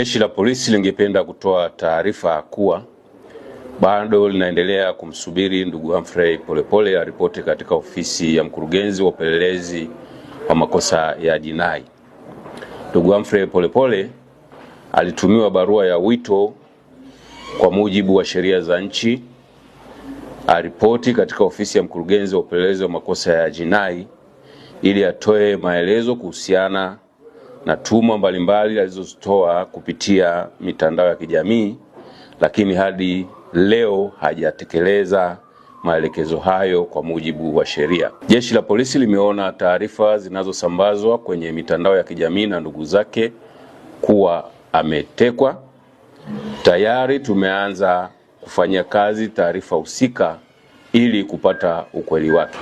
Jeshi la Polisi lingependa kutoa taarifa kuwa bado linaendelea kumsubiri ndugu Humphrey Polepole aripoti katika ofisi ya mkurugenzi wa upelelezi wa makosa ya jinai. Ndugu Humphrey Polepole alitumiwa barua ya wito kwa mujibu wa sheria za nchi aripoti katika ofisi ya mkurugenzi wa upelelezi wa makosa ya jinai ili atoe maelezo kuhusiana na tuma mbalimbali alizozitoa kupitia mitandao ya kijamii, lakini hadi leo hajatekeleza maelekezo hayo kwa mujibu wa sheria. Jeshi la polisi limeona taarifa zinazosambazwa kwenye mitandao ya kijamii na ndugu zake kuwa ametekwa. Tayari tumeanza kufanya kazi taarifa husika ili kupata ukweli wake.